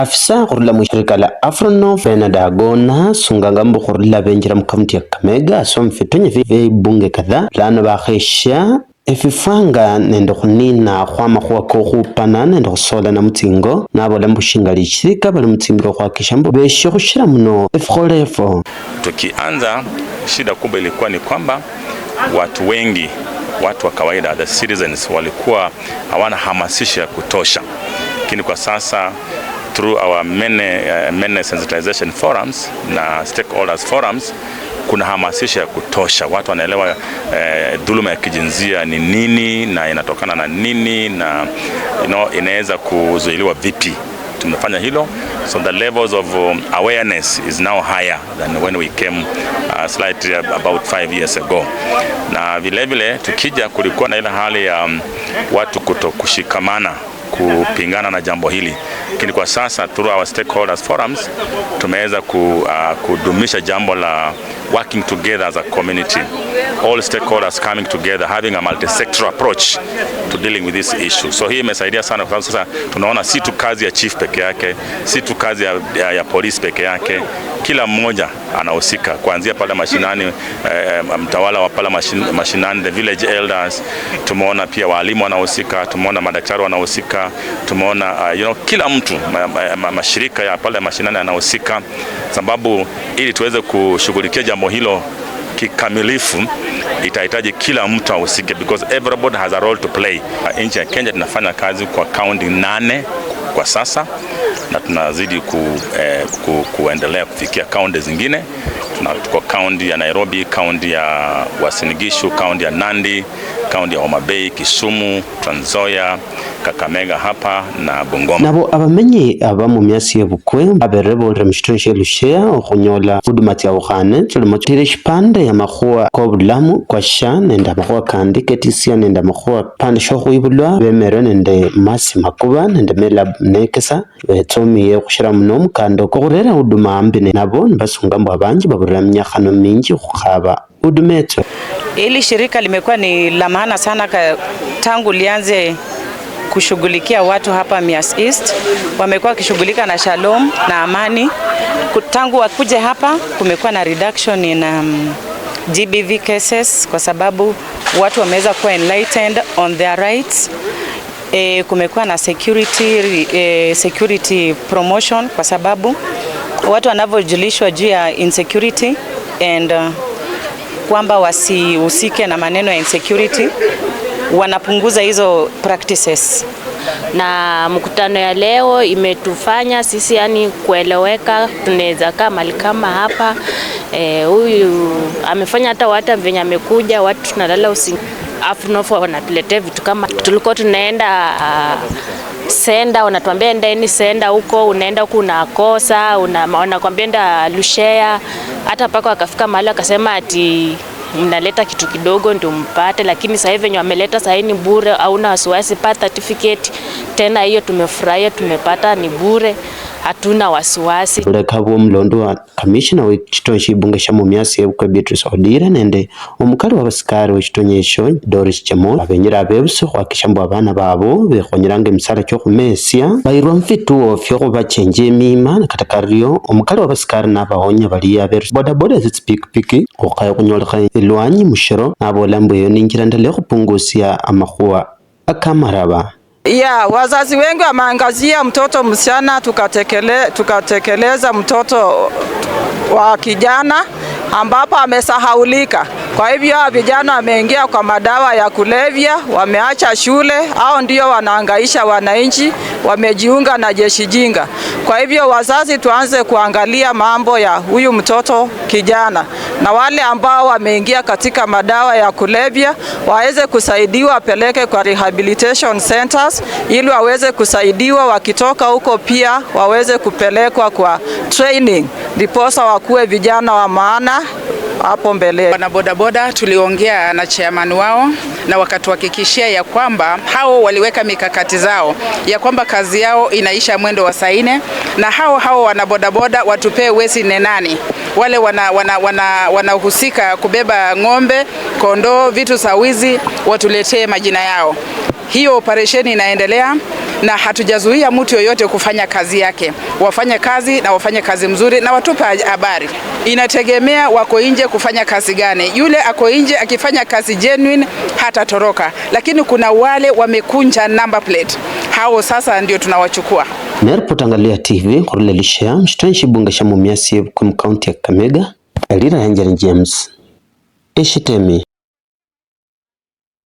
afisa khurula mushirika la afrono fenada gona mbu khurula benjira mukaunti ya kamega aso mfitonya vye ibunge kadhaa lano bakhesha efifwanga nende khunina khwamakhuwa kokhupana nende khusolana mutsingo nabola shinga lishirika bali mutsimbilo khwakisha mbu beshe khushira muno efukholefo tukianza shida kubwa ilikuwa ni kwamba watu wengi watu wa kawaida the citizens walikuwa hawana hamasisho ya kutosha lakini kwa sasa through our many, uh, many sensitization forums na stakeholders forums kuna hamasisho ya kutosha, watu wanaelewa eh, dhuluma ya kijinsia ni nini na inatokana na nini na you know, inaweza kuzuiliwa vipi. Tumefanya hilo, so the levels of um, awareness is now higher than when we came uh, slightly about five years ago. Na vile vile, tukija kulikuwa na ile hali ya um, watu kutokushikamana kupingana na jambo hili lakini kwa sasa through our stakeholders forums tumeweza ku, uh, kudumisha jambo la working together as a community all stakeholders coming together having a multi-sector approach to dealing with this issue. So hii imesaidia sana kwa sababu sasa tunaona si tu kazi ya chief peke yake, si tu kazi ya, ya, ya polisi peke yake kila mmoja anahusika kuanzia pale mashinani eh, mtawala wa pale mashinani, the village elders. Tumeona pia waalimu wanahusika, tumeona madaktari wanahusika, tumeona uh, you know, kila mtu ma, ma, ma, mashirika ya pale mashinani anahusika, sababu ili tuweze kushughulikia jambo hilo kikamilifu itahitaji kila mtu ahusike, because everybody has a role to play. Uh, nchi ya Kenya tunafanya kazi kwa kaunti nane kwa sasa na tunazidi ku, eh, ku, kuendelea kufikia kaunti zingine. Tuko kaunti ya Nairobi, kaunti ya Wasingishu, kaunti ya Nandi, kaunti ya Homa Kisumu, Trans Nzoia, Kakamega hapa na Bungoma. Nabo abamenyi abamu myasi bukwe aberebo olire mushitone shelushea okhunyola huduma tya ukhane tulimotire shipande ya makhuwa kobulamu kwa sha nende amakhuwa kandi ketisia nende makhuwa pande shokhwibulwa bemerwe nende masi makuba nende melab nekesa betsomi eh, bishimiye gushiramu n'omukandu gokhurera huduma ambi nabo nibasunga mbwa banji baburira minyakhano minji khukhaba huduma ili shirika limekuwa ni la maana sana tangu lianze kushughulikia watu hapa Mias East. Wamekuwa wakishughulika na shalom na amani. Tangu wakuje hapa, kumekuwa na reduction in um, mm, GBV cases kwa sababu watu wameweza kuwa enlightened on their rights. E, kumekuwa na security, e, security promotion kwa sababu watu wanavyojulishwa juu ya insecurity and uh, kwamba wasihusike na maneno ya insecurity wanapunguza hizo practices. Na mkutano ya leo imetufanya sisi yani kueleweka, tunaweza kaa mali kama hapa eh, huyu e, amefanya hata wata venye amekuja watu tunalala usingizi, afu wanatuletea kitu kama tulikuwa tunaenda uh, senda, wanatuambia endeni senda huko, unaenda huko unakosa, wanakwambia enda Lushea, hata mpaka wakafika mahali wakasema ati mnaleta kitu kidogo ndio mpate, lakini sasa hivi wameleta sasa ni bure, hauna wasiwasi, pata certificate tena. Hiyo tumefurahia, tumepata ni bure hatuna wasiwasi lekha bwomlondo wa kamishina wechitoi chibunge sha mumyasi yebukwe Beatrice Odile nende omukali wa basikari wechitonyi esho Doris Chamo abenyera abebusi khwakisha mbu abana babo bekhonyelanga emisala kyokhumesya bayirwa mufituo mima emima katakario omukali wa basikari nabawonya bali aberusi bodaboda zichipikipiki khukhaya khunyolekha ilwanyi mushiro nabola mbu eyo ninjira ndala ekhupungusia amakhuwa akamaraba ya, wazazi wengi wameangazia mtoto msichana, tukatekele, tukatekeleza mtoto wa kijana ambapo amesahaulika. Kwa hivyo vijana wameingia kwa madawa ya kulevya, wameacha shule au ndio wanaangaisha wananchi, wamejiunga na jeshi jinga. Kwa hivyo wazazi, tuanze kuangalia mambo ya huyu mtoto kijana na wale ambao wameingia katika madawa ya kulevya waweze kusaidiwa, wapeleke kwa rehabilitation centers ili waweze kusaidiwa, wakitoka huko pia waweze kupelekwa kwa training, ndiposa wakuwe vijana wa maana hapo mbele. Wana bodaboda tuliongea na chairman wao na wakatuhakikishia ya kwamba hao waliweka mikakati zao ya kwamba kazi yao inaisha mwendo wa saa nne na hao hao wana bodaboda watupee wesi nenani wale wanahusika wana, wana, wana kubeba ng'ombe, kondoo, vitu sawizi watuletee majina yao. Hiyo operesheni inaendelea na hatujazuia mtu yoyote kufanya kazi yake. Wafanye kazi na wafanye kazi mzuri na watupe habari. Inategemea wako nje kufanya kazi gani. Yule ako nje akifanya kazi genuine hatatoroka, lakini kuna wale wamekunja number plate, hao sasa ndio tunawachukua. Nerpo tangalia TV khurula lisheya mxithanyi xibunge xa mumiasi kwa kaunti ya kamega Elira angel James eshitemi